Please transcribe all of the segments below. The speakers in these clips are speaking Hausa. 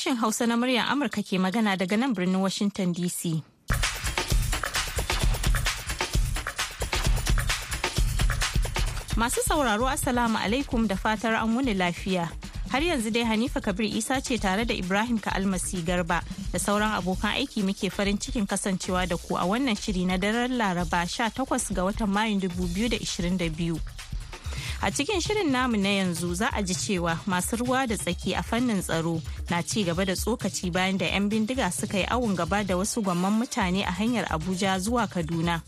Sashen Hausa na muryar Amurka ke magana daga nan birnin Washington DC. Masu sauraro Assalamu alaikum da fatar an wuni lafiya. Har yanzu dai Hanifa Kabir Isa ce tare da Ibrahim ka almasi Garba da sauran abokan aiki muke farin cikin kasancewa da ku a wannan shiri na daren Laraba 18 ga watan Mayun 2022. A cikin shirin namu na yanzu za a ji cewa masu ruwa da tsaki a fannin tsaro na ci gaba da tsokaci bayan da 'yan bindiga suka yi awon gaba da wasu gwamman mutane a hanyar Abuja zuwa Kaduna.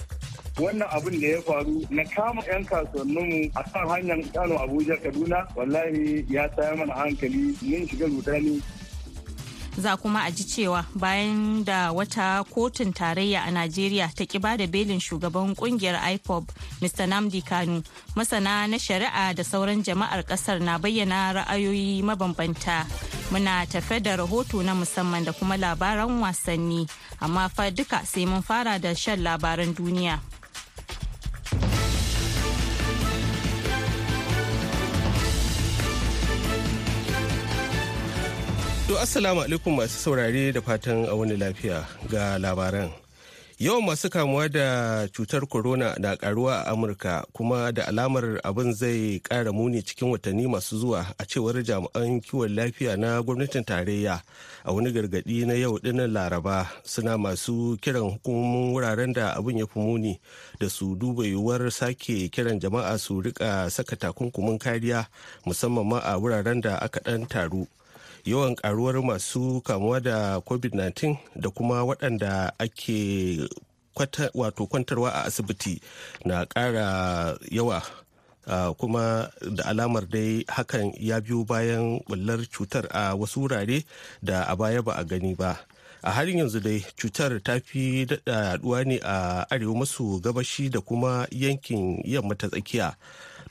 wannan abin da ya faru na kama 'yan kasuwanninmu a kan hanyar kano abuja kaduna wallahi ya tayar mana hankali mun shiga rudani za kuma a ji cewa bayan da wata kotun tarayya a najeriya ta ki bada belin shugaban kungiyar ipob mr namdi kanu masana na shari'a da sauran jama'ar kasar na bayyana ra'ayoyi mabambanta muna tafe da rahoto na musamman da kuma labaran wasanni amma fa duka sai mun fara da shan labaran duniya. To assalamu alaikum masu saurare da fatan a wani lafiya ga labaran. Yawan masu kamuwa da cutar corona na karuwa a Amurka kuma da alamar abin zai kara muni cikin watanni masu zuwa a cewar jami'an kiwon lafiya na gwamnatin tarayya a wani gargadi na yau dinnan laraba suna masu kiran hukumomin wuraren da abin ya fi muni da su duba yiwuwar sake kiran jama'a su rika saka takunkumin kariya musamman ma a wuraren da aka ɗan taru. yawan karuwar masu kamuwa da covid-19 da kuma waɗanda ake wato kwantarwa a asibiti na ƙara yawa Uh, kuma da alamar dai hakan ya biyo bayan bullar cutar a wasu wurare da a baya ba a gani ba a harin yanzu dai cutar ta fi daɗa yaduwa ne a arewa maso gabashi da kuma yankin yamma ta tsakiya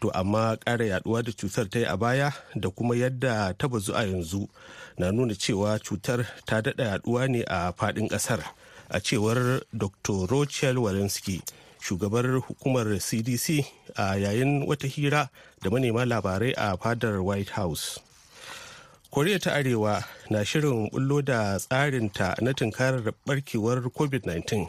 to amma ƙara yaduwa da cutar ta yi a baya da kuma yadda ta bazu a yanzu na nuna cewa cutar ta daɗa yaduwa ne a faɗin ƙasar a cewar dr rochelle walensky shugabar hukumar cdc a yayin wata hira da manema labarai a fadar white house koriya ta arewa na shirin bullo da tsarinta na tunkarar barkewar covid-19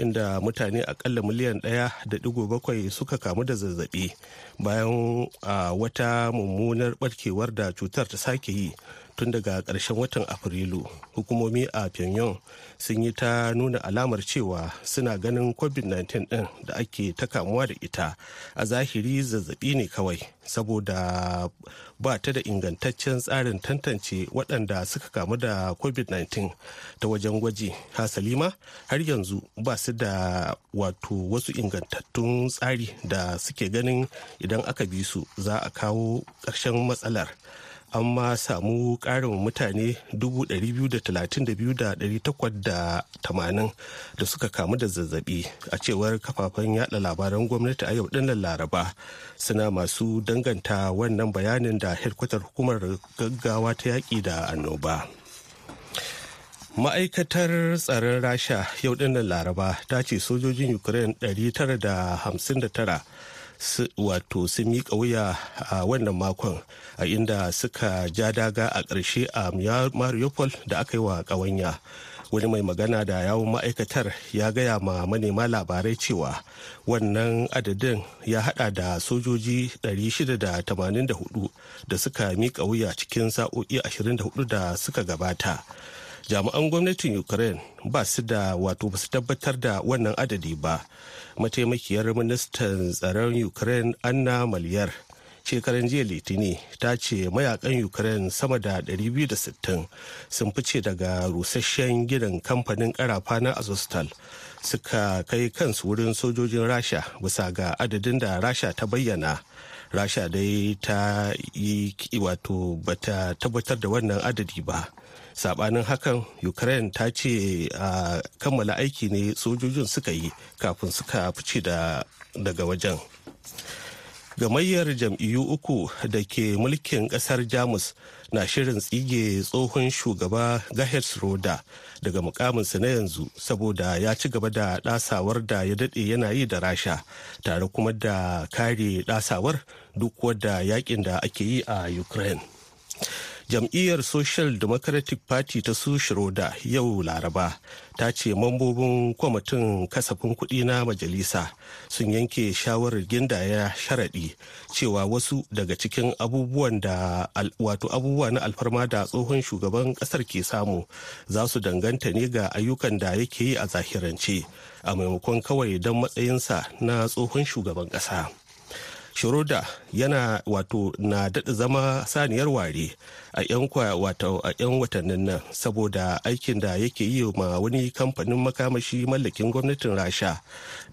inda mutane akalla miliyan ɗaya da digo bakwai suka kamu da zazzabi bayan ah, wata mummunar barkewar da cutar ta sake yi tun daga ƙarshen watan afrilu hukumomi a pyongyang sun yi ta nuna alamar cewa suna ganin covid-19 din da ake ta kamuwa da ita a zahiri zazzabi ne kawai saboda ba ta da ingantaccen tsarin tantance waɗanda suka kamu da covid-19 ta wajen gwaji hasalima har yanzu ba su da wato wasu ingantattun tsari da suke ganin idan aka bi su za a kawo ƙarshen matsalar an ma samu ƙarin mutane 232,880 da suka kamu da zazzabi a cewar kafafen yada labaran gwamnati a yau dinnan laraba suna masu danganta wannan bayanin da hedkwatar hukumar gaggawa ta yaƙi da annoba. ma'aikatar tsaron rasha yau dinnan laraba ta ce sojojin ukraine 959 wato sun miƙa wuya a wannan makon a inda suka ja daga a ƙarshe a mariupol da aka yi wa ƙawanya wani mai magana da yawon ma'aikatar ya gaya ma manema labarai cewa wannan adadin ya hada da sojoji 684 da suka miƙa wuya cikin sa'o'i 24 da suka gabata jami'an gwamnatin ukraine ba su da wato ba su tabbatar da wannan adadi ba mataimakiyar ministan tsaron ukraine anna maliyar shekaran jiya litini ta ce mayakan ukraine sama da 260 sun fice daga rusasshen gidan kamfanin karafa na azostal suka kai kansu wurin sojojin rasha bisa ga adadin da rasha ta bayyana rasha dai ta yi wato bata tabbatar da wannan adadi ba sabanin hakan ukraine ta ce a kammala aiki ne sojojin suka yi kafin suka fice daga wajen gamayyar jam'iyyu uku da ke mulkin kasar jamus na shirin tsige tsohon shugaba gahers roda daga mukaminsa na yanzu saboda ya ci gaba da dasawar da ya dade yana yi da rasha tare kuma da kare dasawar duk wadda yakin da ake yi a ukraine jam'iyyar social democratic party ta su shiroda yau laraba ta ce mambobin kwamitin kasafin kuɗi na majalisa sun yanke shawarar gindaya sharaɗi cewa wasu daga cikin abubuwan da wato abubuwa na alfarma da tsohon shugaban ƙasar ke samu za su danganta ne ga ayyukan da yake yi a zahirance a maimakon kawai don matsayinsa na tsohon shugaban ƙasa. Shiroda yana wato na daɗa zama saniyar ware a 'yan watannin nan saboda aikin da yake yi ma wani kamfanin makamashi mallakin gwamnatin Rasha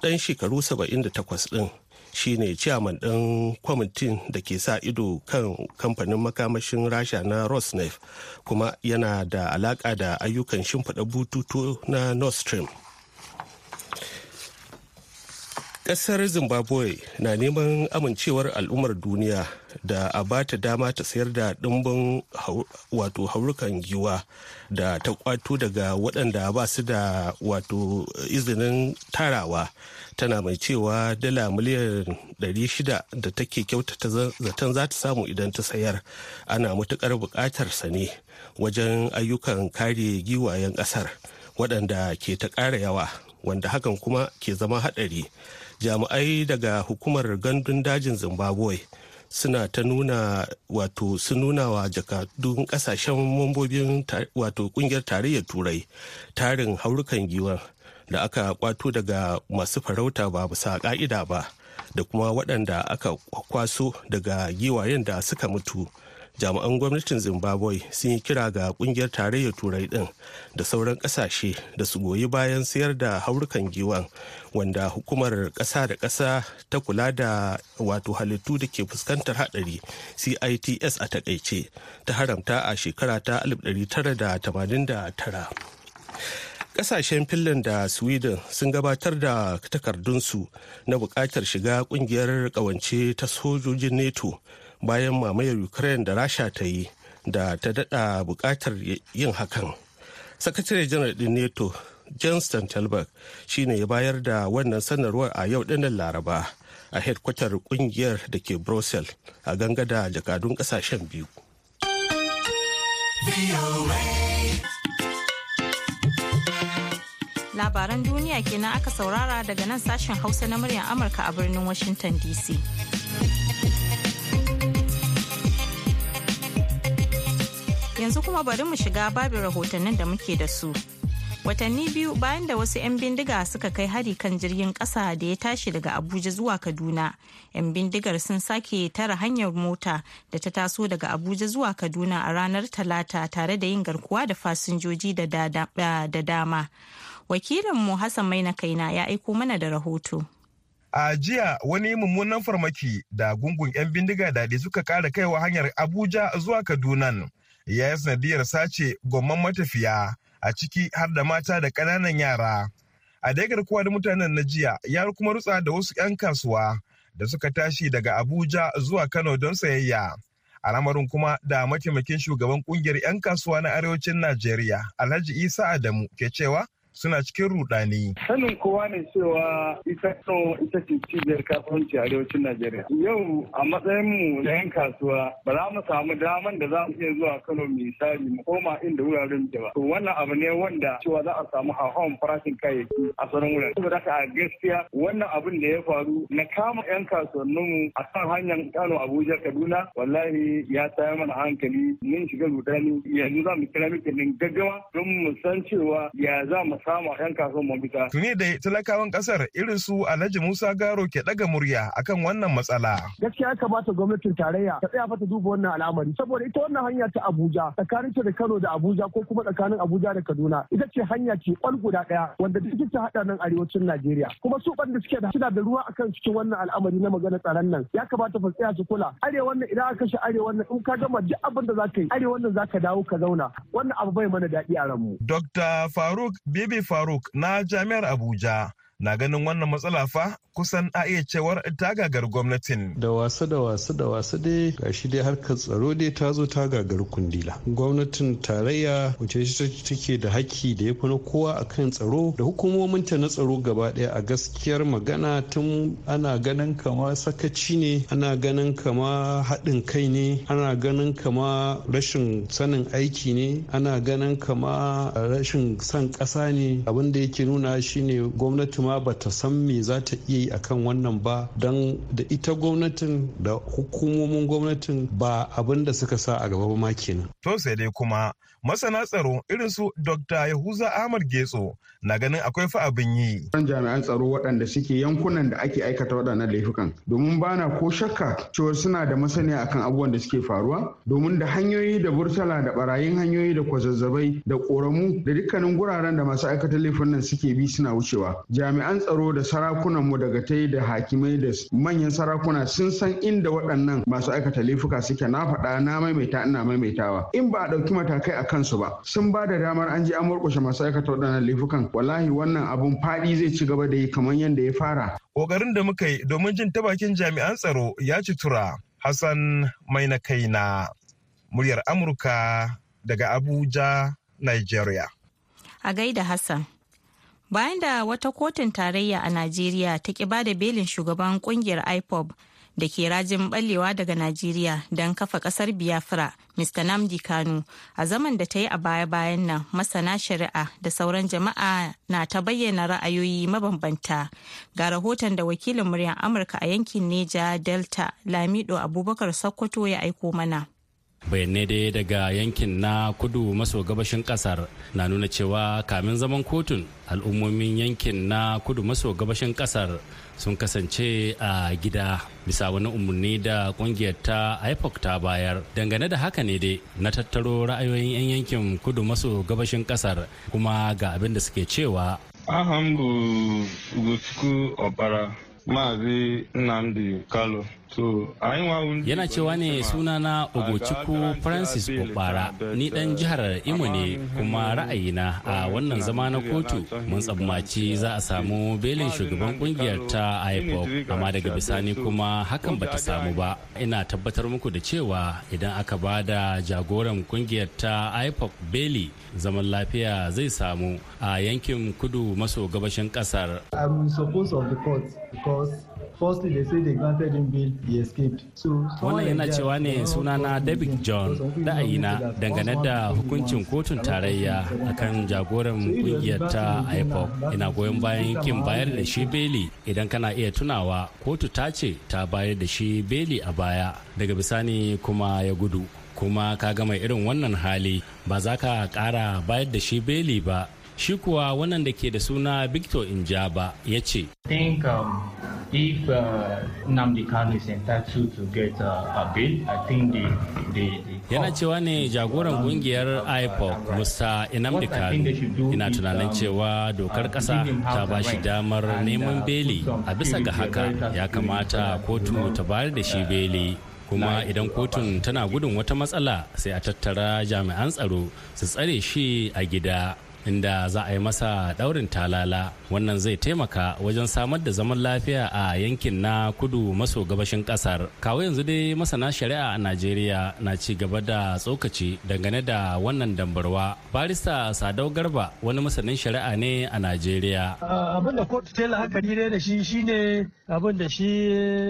ɗan shekaru 78 ɗin. shine ciyaman ɗin kwamitin da ke sa ido kan kamfanin makamashin rasha na rosneft kuma yana da alaƙa da ayyukan shimfiɗa bututu na nord stream Ƙasar Zimbabwe na neman amincewar al'ummar duniya da a ba ta dama ta sayar da ɗimbin wato haurukan giwa da ta kwato daga waɗanda ba su da wato izinin tarawa tana mai cewa dala miliyan 600 da take kyautata zaton za ta samu idan ta sayar ana matuƙar buƙatar sa ne wajen ayyukan kare giwayen ƙasar waɗanda ke ta ƙara yawa wanda hakan kuma ke zama haɗari. jami'ai daga hukumar gandun dajin zimbabwe suna ta nuna wato sun nuna wa jakadun kasashen mambobin wato kungiyar tarayyar turai tarin haurukan giwan da aka kwato daga masu farauta ba bisa ka'ida ba da kuma waɗanda aka kwaso daga giwayen da suka mutu jami'an gwamnatin zimbabwe sun yi kira ga kungiyar tarayyar turai din da sauran kasashe da su goyi bayan sayar da haurukan giwan wanda hukumar kasa da kasa ta kula da wato halittu da ke fuskantar hadari cits a takaice ta haramta a shekara ta 1989 kasashen finland da sweden sun gabatar da takardunsu na bukatar shiga kungiyar kawance ta sojojin NATO. bayan mamayar ukraine da rasha ta yi da ta dada bukatar yin hakan sakatare janar din neto john stoltenberg shine ya bayar da wannan sanarwar a yau dinnan laraba a hedkwatar kungiyar da ke brussels a ganga da jakadun kasashen biyu labaran duniya kenan aka saurara daga nan sashen hausa na muryar amurka a birnin washington dc yanzu kuma bari mu shiga babin rahotannin da muke da su. Watanni biyu bayan da wasu 'yan bindiga suka kai hari kan jirgin ƙasa da ya tashi daga Abuja zuwa Kaduna, 'yan bindigar sun sake tara hanyar mota da ta taso daga Abuja zuwa Kaduna a ranar Talata tare da yin garkuwa da fasinjoji da dama. wakilin mu Hassan Maina Kaina ya aiko mana da rahoto. A jiya wani mummunan farmaki da gungun 'yan bindiga da suka ƙara kaiwa hanyar Abuja zuwa Kaduna. ya yi sanadiyar sace gomman matafiya a ciki har da mata da ƙananan yara. A dai garkuwa da mutanen na jiya ya kuma rutsa da wasu 'yan kasuwa da suka tashi daga Abuja zuwa Kano don sayayya. A lamarin kuma da mataimakin shugaban ƙungiyar 'yan kasuwa na arewacin Najeriya Alhaji Isa Adamu ke cewa suna cikin rudani. Sanin kowa ne cewa ita so ita ce cibiyar kasuwanci a arewacin Najeriya. Yau a matsayin mu na 'yan kasuwa ba za mu samu daman da za mu iya zuwa Kano misali mu koma inda wuraren da ba. To wannan abu ne wanda cewa za a samu hauhawan farashin kayayyaki a sanin wurare. Saboda haka a gaskiya wannan abin da ya faru na kama 'yan mu a kan hanyar Kano Abuja Kaduna wallahi ya tayar mana hankali mun shiga rudani yanzu za mu kira mikin gaggawa don mu san cewa ya za mu a yan kasuwan mabita. Tuni da talakawan kasar irin su Alhaji Musa Garo ke daga murya akan wannan matsala. Gaskiya ya kamata gwamnatin tarayya ta tsaya fata duba wannan al'amari saboda ita wannan hanya ta Abuja tsakanin ta da Kano da Abuja ko kuma tsakanin Abuja da Kaduna ita ce hanya ce kwal guda daya wanda duk ta hada nan arewacin Najeriya kuma su da suke da suna da ruwa akan cikin wannan al'amari na magana tsaron nan ya kamata fa tsaya su kula arewa wannan idan aka shi arewa wannan in ka gama duk abin da za ka yi arewa za zaka dawo ka zauna wannan abu bai mana daɗi a ranmu. Dr. Faruk Bibi Rabi Faruk na Jami'ar Abuja na ganin wannan matsala fa kusan a iya cewar ta gagar gwamnatin. Da wasu da wasu da wasu dai gashi dai harkar tsaro dai ta zo ta gagar kundila. Gwamnatin tarayya wace shi take da haƙƙi da ya fi na kowa akan tsaro da hukumomin ta na tsaro gaba ɗaya a gaskiyar magana tun ana ganin kama sakaci ne ana ganin kama haɗin kai ne ana ganin kama rashin sanin aiki ne ana ganin kama rashin san ƙasa ne abin da yake nuna shine gwamnatin ma ta san me za ta iya yi akan wannan ba don da ita gwamnatin da hukumomin gwamnatin ba abin da suka sa a gaba ba kenan. To sai dai kuma masana tsaro irin su Dr. Yahuza Ahmad Getso na ganin akwai fa abin yi. Kan jami'an tsaro waɗanda suke yankunan da ake aikata waɗannan laifukan domin bana ko shakka cewa suna da masaniya akan abubuwan da suke faruwa domin da hanyoyi da burtala da barayin hanyoyi da kwazazzabai da ƙoramu da dukkanin guraren da masu aikata laifin nan suke bi suna wucewa. jami'an tsaro da sarakunan mu daga tai da hakimai da manyan sarakuna sun san inda waɗannan masu aikata laifuka suke na faɗa na maimaita ina maimaitawa in ba a ɗauki matakai a kansu ba sun ba da damar an je an murƙushe masu aikata waɗannan laifukan wallahi wannan abun faɗi zai ci gaba da yi kamar yadda ya fara. Ƙoƙarin da muka yi domin jin ta bakin jami'an tsaro ya ci tura Hassan mai na kai na muryar Amurka daga Abuja, Nigeria. A gaida Hassan. bayan da wata kotun tarayya a najeriya ta ki bada belin shugaban kungiyar ipob da ke rajin ballewa daga najeriya don kafa kasar biafra mr namdi kanu a zaman da ta yi a baya-bayan nan masana shari'a da sauran jama'a na ta bayyana ra'ayoyi mabambanta ga rahoton da wakilin muryar amurka a yankin neja delta lamido abubakar sokoto ya aiko mana bayanai dai daga yankin na kudu maso gabashin kasar na nuna cewa kamin zaman kotun al'ummomin yankin na kudu maso gabashin kasar sun kasance a gida bisa wani umarni da kungiyar ta ipoc ta bayar dangane da haka ne dai na tattaro ra'ayoyin 'yan yankin kudu maso gabashin kasar kuma ga abin da suke cewa ahambu gusku obara ma'azi nnamdi kalu Yana cewa ne sunana Ogochukwu Francis Okpara ni dan jihar Imo ne kuma ra'ayina a wannan zama na kotu mun tsammaci za a samu belin shugaban kungiyar ta IPOP amma daga bisani kuma hakan bata samu ba. Ina tabbatar muku da cewa idan aka ba da jagoran kungiyar ta IPOP beli zaman lafiya zai samu a yankin kudu maso gabashin kasar. Firstly, they say they granted him bail, he escaped. So, Wannan yana cewa ne sunana David John ra'ayina dangane da hukuncin kotun tarayya akan jagoran kungiyar ta IPOP. Ina goyon bayan kin bayar da shi beli idan kana iya tunawa kotu ta ce ta bayar da shi beli a baya daga bisani kuma ya gudu. kuma ka mai irin wannan hali ba za ka kara bayar da shi beli ba Shi kuwa wannan da ke da suna Victor Injaba ya ce. Um, uh, yana cewa ne jagoran kungiyar ipoc musa inamdi Kano ina tunanin um, cewa uh, dokar kasa ta ba shi damar uh, neman beli a bisa ga haka ya kamata kotu ta bayar da shi beli kuma idan kotun tana gudun wata matsala sai a tattara jami'an tsaro su tsare shi a gida inda za a yi masa daurin talala wannan zai taimaka wajen samar da zaman lafiya a yankin na kudu maso gabashin kasar kawo yanzu dai masana shari'a a najeriya na ci gaba da tsokaci dangane da wannan dambarwa barista sadau garba wani masanin shari'a ne a najeriya abinda da kotu ta la'akari ne da shi shine abin da shi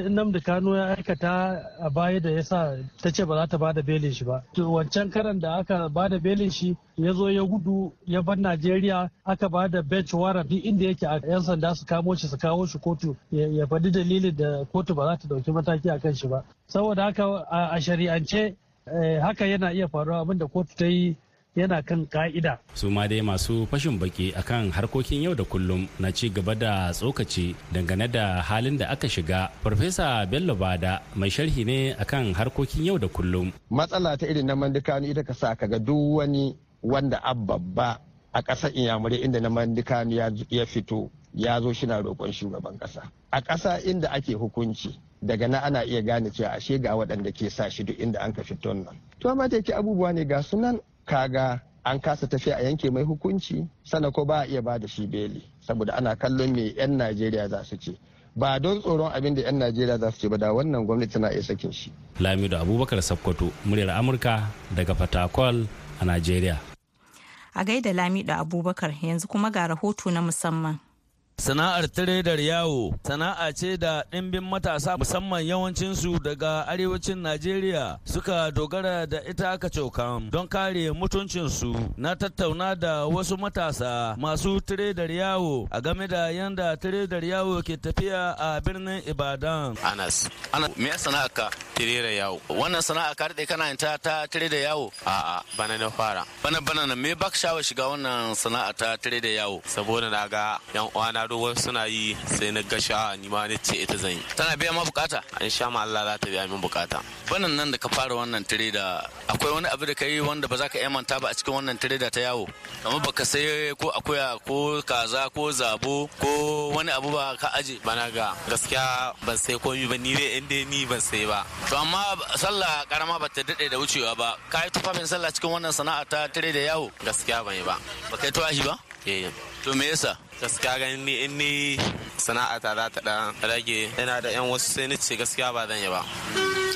namda kano ya aikata a baya da yasa ta ce ba za ta bada belin shi ba to wancan karan da aka bada belin shi ya zo ya gudu ya bar najeriya aka ba da bench warrant duk inda yake a yan sanda su kamo shi su kawo shi kotu ya faɗi dalilin da kotu ba za ta ɗauki mataki a kan shi ba saboda haka a shari'ance eh, haka yana iya faruwa da kotu ta yi yana kan ka'ida. su ma dai masu fashin baki akan harkokin yau da kullum na ci gaba da tsokaci dangane da halin da aka shiga farfesa bello bada mai sharhi ne akan harkokin yau da kullum matsala ta irin na mandukani ita ka sa ga duk wani wanda babba a ƙasar inyamurai inda na mandikan ya fito ya zo shina roƙon shugaban ƙasa a ƙasa inda ake hukunci daga na ana iya gane cewa ashe ga waɗanda ke sa shi duk inda an ka fito nan to amma da abubuwa ne ga sunan kaga an kasa tafiya a yanke mai hukunci sana ko ba a iya ba da shi beli saboda ana kallon me 'yan najeriya za su ce ba don tsoron abin da 'yan najeriya za su ce ba da wannan gwamnati na iya sakin shi lamido abubakar sakkwato muryar amurka daga fatakwal a najeriya a gaida lamido abubakar yanzu kuma ga rahoto na musamman Sana'ar tiredar yawo sana'a ce da ɗimbin matasa musamman yawancinsu daga arewacin Najeriya suka dogara da ita cokan don kare mutuncinsu na tattauna da wasu matasa masu tiredar yawo a game da yanda tiredar yawo ke tafiya a birnin Ibadan. Anas, Anas, me ya sana'a ka tiredar yawo? Wannan sana'a ka daɗe kana yin ta tiredar yawo? A'a, bana na fara. Bana bana na me baka shawar shiga wannan sana'a ta tiredar yawo? Saboda na ga 'yan uwana yaro suna yi sai na ga sha'a ni ma ce ita zan yi tana biya ma bukata an sha ma Allah za ta biya min bukata banan nan da ka fara wannan tireda akwai wani abu da ka yi wanda ba za ka manta ba a cikin wannan tireda ta yawo amma baka sai ko akuya ko kaza ko zabo ko wani abu ba ka aje bana ga gaskiya ban sai komi ba ni dai in dai ni ban sai ba to amma sallah karama ba ta dade da wucewa ba ka yi tufafin sallah cikin wannan sana'a ta tire da yawo gaskiya ban yi ba ba kai tuwashi ba Eh, eh to me yasa gaskiya ganin ni in ni sana'a ta za ta dan rage yana da yan wasu sai ni gaskiya ba zan yi ba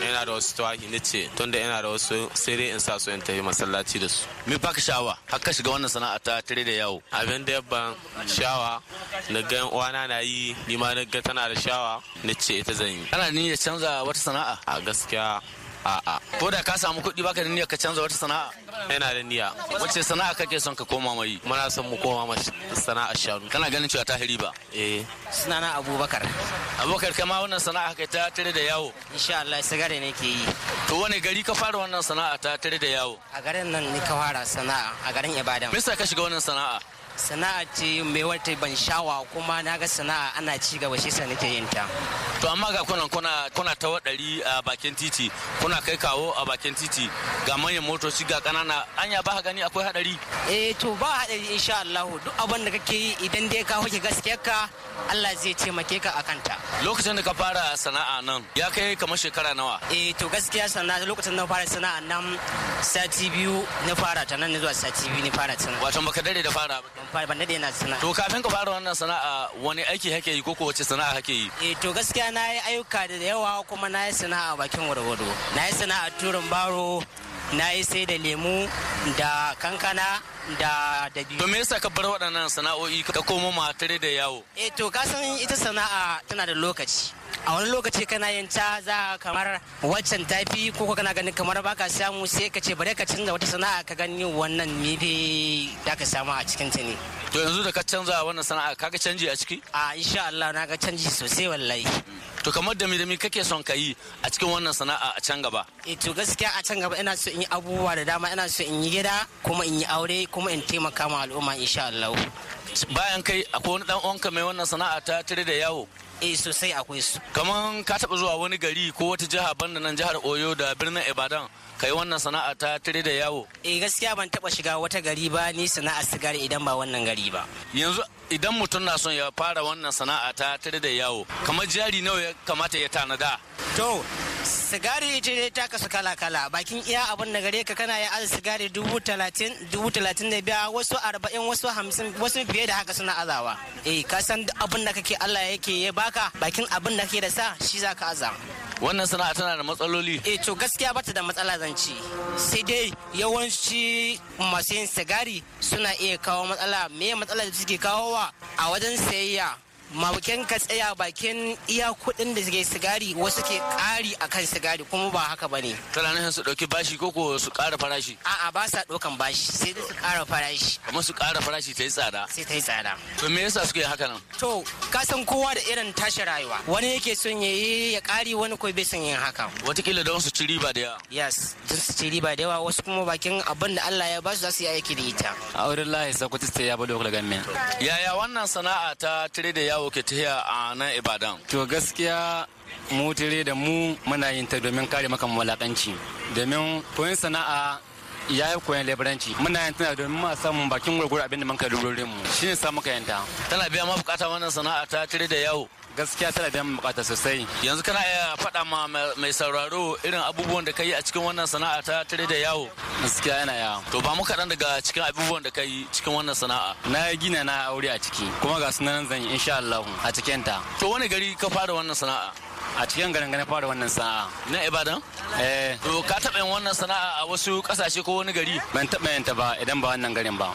yana da wasu tawaki nace tunda yana da wasu sai dai in sa su in tafi masallaci da su me ba ka sha'awa har ka shiga wannan sana'a ta tare da yawo abin da yabban shawa na ga uwana na yi ni ma na ga tana da shawa Nace ita zan yi ni ya canza wata sana'a a gaskiya A'a. Ko da ka samu kuɗi baka da niyyar ka canza wata sana'a? Yana da niyya. Wace sana'a kake son ka koma mai? Muna son mu koma mai sana'a shanu. Kana ganin cewa ta ba Eh. Sunana Abubakar. Abubakar kama wannan sana'a kai ta tare da yawo? Insha Allah sigari ne ke yi. To wani gari ka fara wannan sana'a ta tare da yawo? A garin nan ne ka fara sana'a a garin Ibadan. Me yasa ka shiga wannan sana'a? sana'a ce mai wata ban shawa kuma na ga sana'a ana ci gaba shi sa nake yin ta to amma ga kuna kuna kuna ta wadari a bakin titi kuna kai kawo a bakin titi ga manyan motoci ga kanana anya ba gani akwai hadari eh to ba hadari insha Allah duk abin da kake yi idan dai ka hoke gaskiyarka Allah zai taimake ka akan ta lokacin da ka fara sana'a nan ya kai kamar shekara nawa eh to gaskiya sana'a lokacin da fara sana'a nan sati biyu na fara ta nan zuwa sati biyu na fara ta nan wato baka dare da fara ban na sana'a. To kafin ka fara wannan sana'a wani aiki hake yi koko wace sana'a hake yi? Eh to gaskiya na yi ayyuka da yawa kuma na yi sana'a bakin gwargwado. Na yi sana'a turin baro, na yi sai da lemu da kankana da da biyu. To me yasa ka bar waɗannan sana'o'i ka komo matare da yawo? Eh to kasan ita sana'a tana da lokaci. a wani lokaci kana yin ta za kamar waccan ta fi, ko kana ganin kamar baka samu sai ka ce bare ka canza wata sana'a ka gani wannan mife da ka samu a cikin ta ne to yanzu da ka canza wannan sana'a kaga canji a ciki a insha Allah na ga canji sosai wallahi mm. to kamar da mi kake son ka yi a cikin wannan sana'a a can gaba eh to gaskiya a can gaba ina so in yi abubuwa da dama ina so in yi gida kuma in yi aure kuma in taimaka ma al'umma insha Allah bayan kai akwai wani dan uwanka mai wannan sana'a ta tare da yawo eh sosai akwai su kaman ka taba zuwa wani gari ko wata jiha banda nan jihar oyo da birnin ibadan kai wannan sana'a ta tare da yawo eh gaskiya ban taba shiga wata gari ba ni sana'a sigar idan ba wannan gari ba yanzu idan mutum na son ya fara wannan sana'a ta tare da yawo kamar jari nawa ya kamata ya tanada to sigari ita dai ta kasu kala-kala bakin iya abin da gare ka kana ya aza sigari dubu talatin dubu talatin da biya wasu arba'in wasu hamsin wasu fiye da haka suna azawa eh ka san abin da kake allah yake ya ba haka bakin abin da ke da sa shi za ka aza wannan sana'a tana da matsaloli e to gaskiya bata da matsala zan sai dai yawanci masu yin sigari suna iya kawo matsala me matsala da suke kawowa a wajen sayayya mawakin ka tsaya bakin iya kuɗin da suke sigari wasu ke ƙari akan sigari kuma ba haka ba ne. Tana nan su ɗauki bashi ko ko su ƙara farashi? A'a ba sa ɗaukan bashi sai dai su ƙara farashi. Kuma su ƙara farashi ta yi tsada? Sai ta yi tsada. To me yasa suke haka nan? To ka san kowa da irin tashi rayuwa. Wani yake son ya yi ya kari wani ko bai son yin haka. Watakila don su ci riba da yawa. Yes, don su ci riba da yawa wasu kuma bakin abin da Allah ya ba su za su yi aiki da ita. wurin lahi sakwatista ya bada wakil gamin. Yaya wannan sana'a ta tire da yawa yawo ke tahiya a nan Ibadan. To gaskiya mu tire da mu muna yin ta domin kare maka walakanci domin koyon sana'a ya yi koyon leburanci muna yin tana domin ma samun bakin gwargwaro abinda da man kai lurorin mu shine sa muka yanta tana biya ma bukata wannan sana'a ta tare da yawo gaskiya tana da bukata sosai yanzu kana iya faɗa ma mai sauraro irin abubuwan da kai a cikin wannan sana'a ta tare da yawo gaskiya yana yawo to ba mu kaɗan daga cikin abubuwan da kai cikin wannan sana'a na gina na aure a ciki kuma ga sunan zan yi insha Allah a cikin ta to wani gari ka fara wannan sana'a a cikin garin ganin fara wannan sana'a na ibadan eh to ka taɓa yin wannan sana'a a wasu ƙasashe ko wani gari ban taɓa yanta ba idan ba wannan garin ba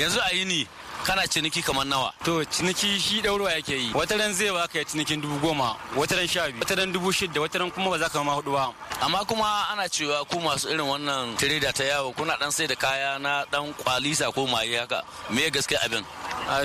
yanzu a yi ni kana ciniki kamar nawa to ciniki shi daurawa yake yi wata ran zai baka ya cinikin dubu goma wata ran sha biyu wata ran dubu shida wata ran kuma ba za ka ma hudu ba amma kuma ana cewa ku masu irin wannan tireda ta yawo kuna dan sai da kaya na dan kwalisa ko maye haka me gaskiya abin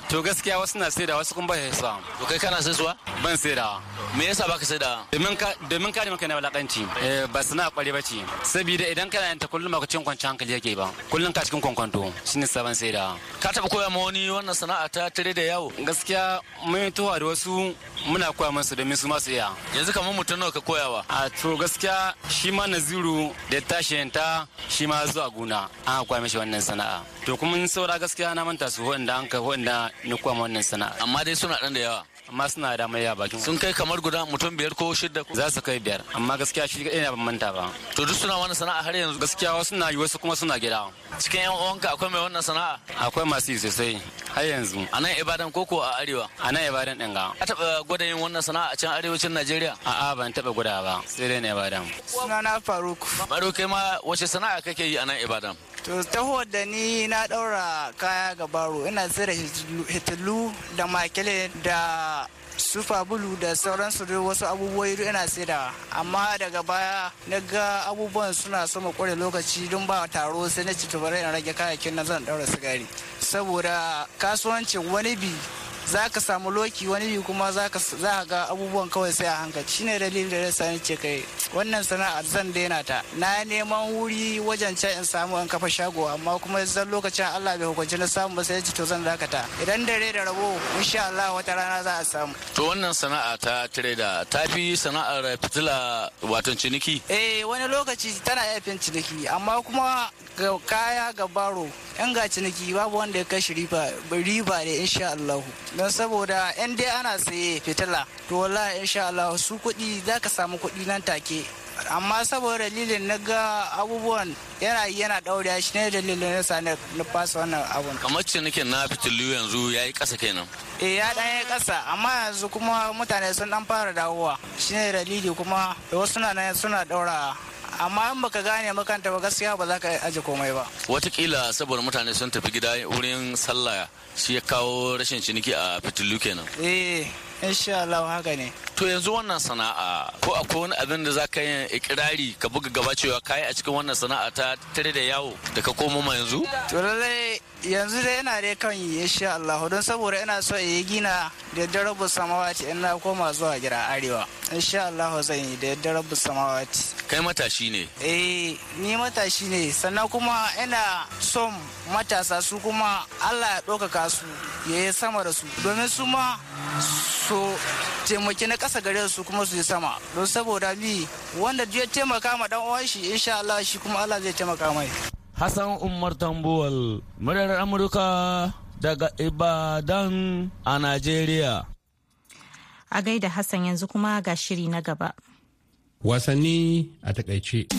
to gaskiya wasu na sai da wasu kuma ba sa to kai kana sai suwa ban sai da me yasa baka sai da domin ka domin ka maka na balakanci eh, ba sana kware ba ce saboda idan kana yanta kullum ba ku cin kwanci hankali yake ba kullum ka cikin kwankwanto shine saban sai da ka taba koya ma wani wannan sana'a ta tare da yawo gaskiya mun tuwa da wasu muna koya musu domin su masu iya yanzu kamar mutum nawa ka koyawa a to gaskiya shi ma naziru da tashi ta shi ma zuwa gona an koya mishi wannan sana'a to kuma saura gaskiya na manta su wanda an ka wanda ni koya wannan sana'a amma dai suna dan da yawa amma suna da mai bakin sun kai kamar guda mutum biyar ko shidda za su kai biyar amma gaskiya shi ina ban manta ba to duk suna wani sana'a har yanzu gaskiya wasu na yi wasu kuma suna gida cikin yan uwanka akwai mai wannan sana'a akwai masu yi sosai har yanzu a nan ibadan koko a arewa a nan ibadan din ga a taba gwada yin wannan sana'a a can arewacin najeriya a'a ban taba gwada ba sai dai na ibadan sunana faruk faruk kai ma wace sana'a kake yi a nan ibadan to ta da ni na daura kaya ga baro ina zira hitilu da makile da sufa bulu da sauransu da wasu abubuwa ina saidawa amma daga baya na ga abubuwan suna sama kware lokaci don ba taro sai na ci tubarai na rage kayakin na zan daura sigari saboda kasuwancin wani bi za ka samu loki wani biyu kuma za ka ga abubuwan kawai sai a hankali Shi ne dalilin da yasa ni ce kai wannan sana'ar zan daina ta na neman wuri wajen can in samu an kafa shago amma kuma zan lokacin Allah bai hukunci na samu ba sai ji to zan dakata idan dare da rabo insha Allah wata rana za a samu to wannan sana'a ta trader ta fi sana'ar fitila wato ciniki eh wani lokaci tana iya fin ciniki amma kuma ga kaya ga baro yan ga ciniki babu wanda ya kashi riba riba ne insha Allah don saboda 'yan dai ana saye fitila to wallahi insha Allah su kuɗi za ka samu kuɗi nan take amma saboda dalilin na ga abubuwan yana yana ɗaure shi ne dalilin na sa na fasa wannan abun kamar ce nake na fitilu yanzu ya yi ƙasa kenan eh ya ɗan yi ƙasa amma yanzu kuma mutane sun ɗan fara dawowa shi ne dalili kuma da wasu na suna ɗaura amma in baka gane makanta ba gaskiya ba za ka aje komai ba watakila saboda mutane sun tafi gida wurin sallah shi ya kawo rashin ciniki a fitilu kenan eh insha Allah haka ne to yanzu wannan sana'a ko akwai wani abin da za ka yi ikirari ka buga gaba cewa kai a cikin wannan sana'a ta tare da yawo da ka komo ma yanzu to lallai yanzu dai yana dai kan yi insha Allah don saboda ina so in yi gina da darabu samawati ina koma zuwa gira arewa insha Allah zan yi da darabu samawati kai matashi ne eh ni matashi ne sannan kuma ina son matasa su kuma Allah ya ɗaukaka su ya yi sama da su domin su ma so taimaki na ƙasa gare su kuma su yi sama don saboda mi wanda ya taimaka ma dan uwan shi insha Allah shi kuma Allah zai taimaka mai Hassan Umar Tambuwal muryar Amurka daga Ibadan a Najeriya A gaida Hassan yanzu kuma ga shiri na gaba Wasanni a takaice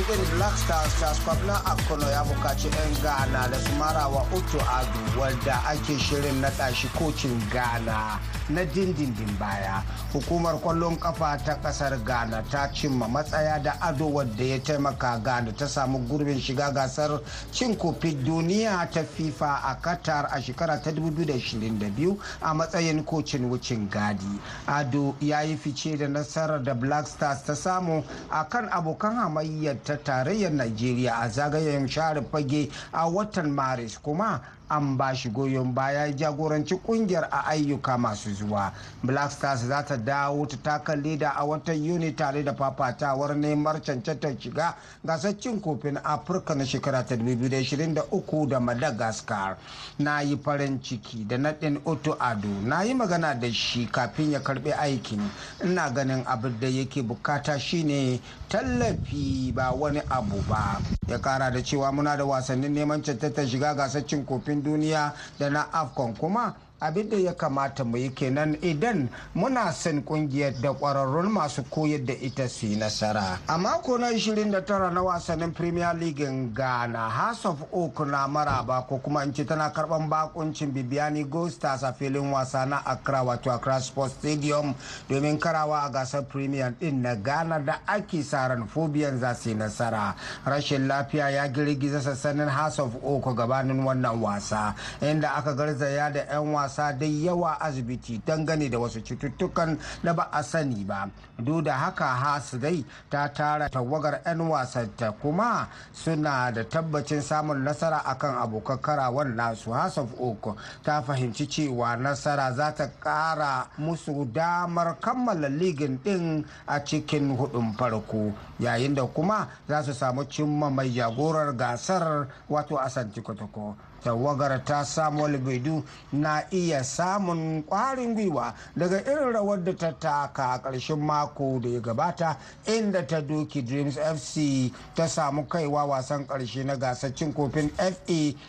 in black stars ta na akono ya bukaci 'yan ghana da su marawa uto agu wadda ake shirin naɗa shi kocin ghana na dindindin baya hukumar kwallon kafa ta kasar ghana ta cimma matsaya da ado wadda ya taimaka ghana ta samu gurbin shiga gasar cin kofin duniya ta fifa a katar a shekara ta 2022 a matsayin kocin wucin gadi ado ya yi fice da nasarar da black stars ta samu a kan abokan hamayyar ta tarayyar nigeria a zagayen share fage a watan maris kuma an ba shi goyon baya jagoranci kungiyar a ayyuka masu zuwa black stars za ta dawo ta taka leda a watan yuni tare da fafatawar neman cancantar shiga gasar cin kofin afirka na shekara ta 2023 da madagascar na yi farin ciki da naɗin otu ado na yi magana da shi kafin ya karɓi aikin ina ganin abin da yake bukata shine tallafi ba wani abu ba ya kara da cewa muna da wasannin neman cancantar shiga gasar cin kofin kofin duniya da na afcon kuma abin da ya kamata mu yi kenan idan muna son kungiyar da kwararrun masu koyar da ita su yi nasara a mako na 29 na wasannin premier league ghana house of oak na maraba ko kuma in ce tana karban bakuncin bibiani gold stars a filin wasa na accra wato accra sports stadium domin karawa a gasar premier din na ghana da ake sa ran fobiyan za su yi nasara rashin lafiya ya girgiza sassanin house of oak gabanin wannan wasa inda aka garzaya da 'yan wasa wasa dai yawa asibiti dangane da wasu cututtukan da ba a sani ba duk da haka hasu dai ta tara tawagar 'yan wasanta kuma suna da tabbacin samun nasara akan abokan karawan nasu hasaf uku ta fahimci cewa nasara za ta kara musu damar kammala ligin din a cikin hudun farko yayin da kuma za su samu cimma mai jagorar gasar wato asanti kwatakwa tawagar ta samuel baidu na iya samun kwarin gwiwa daga irin rawar da ta taka a karshen mako da ya gabata inda ta doki dreams fc ta samu kaiwa wasan karshe na gasar cin kofin fa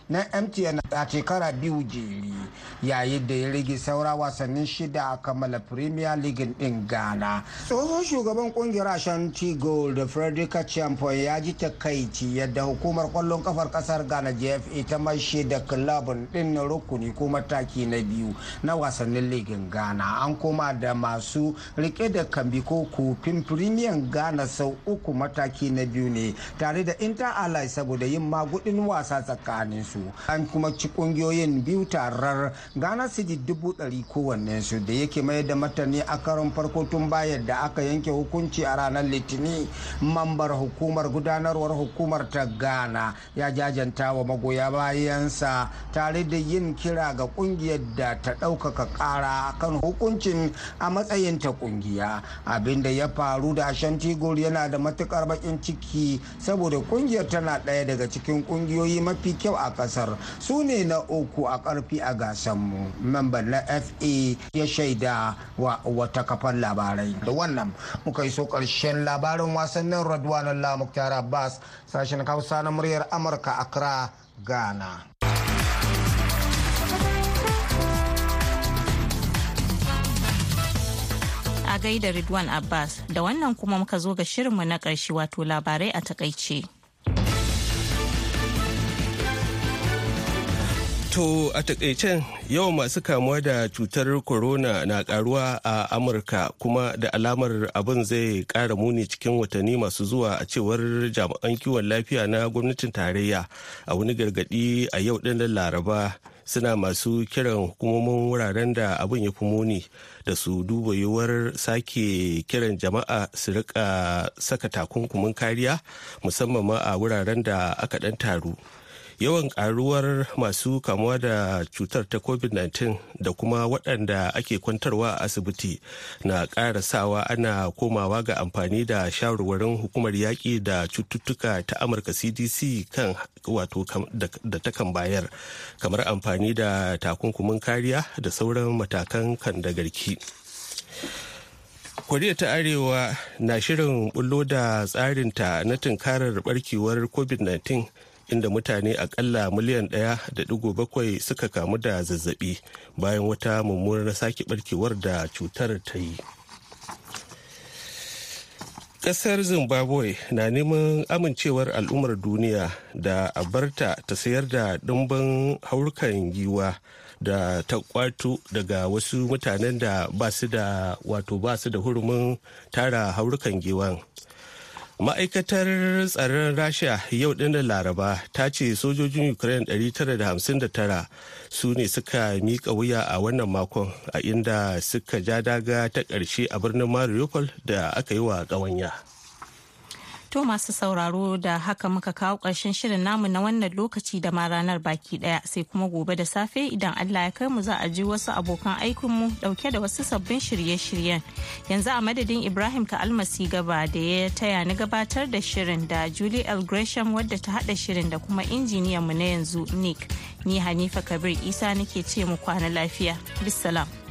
na mtn a shekara biyu jeri yayin da ya rage saura wasannin shida a kammala premier league din ghana tsohon shugaban kungiyar ashanti gold frederick champion ya ji takaici yadda hukumar kwallon kafar kasar ghana jfa ta mashi da kilabin din na rukuni ko mataki na biyu na wasannin ligin ghana an koma da masu rike da kambi ko kufin firimiyan ghana sau uku mataki na biyu ne tare da inter allies saboda yin magudin wasa tsakanin su an kuma ci kungiyoyin biyu tarar ghana city dubu dari ɗari su da yake mai da matani a karon farko tun bayan da aka yanke hukunci a ranar litini mambar hukumar gudanarwar hukumar ta ghana ya jajanta wa magoya bayan faransa tare da yin kira ga kungiyar da ta ɗaukaka ƙara kan hukuncin a matsayin ta kungiya abinda ya faru da ashanti gold yana da matukar bakin ciki saboda kungiyar tana ɗaya daga cikin kungiyoyi mafi kyau a kasar su ne na uku a ƙarfi a gasar mu memban na fa ya shaida wa wata kafan labarai da wannan muka so karshen labarin wasannin radwan allah muktar abbas sashen hausa na muryar amurka accra ghana a gaida ridwan abbas da wannan kuma muka zo ga shirinmu na ƙarshe wato labarai a takaice. To a takaicen yawan masu kamuwa da cutar corona na karuwa a Amurka kuma da alamar abin zai kara muni cikin watanni masu zuwa a cewar jami'an kiwon lafiya na gwamnatin tarayya a wani gargadi a yau din laraba suna masu kiran hukumomin wuraren da abin ya fi muni da su duba yiwuwar sake kiran jama'a su rika saka takunkumin kariya musamman ma a wuraren da aka ɗan taru. yawan karuwar masu kamuwa da cutar ta covid-19 da kuma waɗanda ake kwantarwa a asibiti na ƙara sawa ana komawa ga amfani da shawarwarin hukumar yaƙi da cututtuka ta amurka cdc kan wato da ta kan bayar kamar amfani da takunkumin kariya da sauran matakan kan da garki koriya ta arewa na shirin bullo da tsarinta na tunkarar barkewar covid-19 inda mutane akalla miliyan ɗaya da digo bakwai suka kamu da zazzabi bayan wata mummunar sake barkewar da cutar ta yi ƙasar zimbabwe na neman amincewar al'ummar duniya da abarta ta sayar da ɗimbin haurukan giwa da ta kwato daga wasu mutanen da ba su da wato ba su da hurumin tara haurukan giwan ma'aikatar tsaron rasha yau da laraba ta ce sojojin ukraine 959 su ne suka miƙa wuya a wannan makon a inda suka ja daga ta ƙarshe a birnin mariupol da aka yi wa ƙawanya. To masu sauraro da haka muka kawo ƙarshen shirin namu na wannan lokaci da ma ranar baki ɗaya sai kuma gobe da safe idan Allah ya kai mu za a ji wasu abokan aikinmu ɗauke da wasu sabbin shirye-shiryen. Yanzu a madadin Ibrahim ka almasi gaba da ya taya ni gabatar da shirin da Julie L. Gresham wadda ta hada shirin da kuma injiniyan mu na yanzu Nick. Ni Hanifa Kabir Isa nake ce mu kwana lafiya. Bissalam.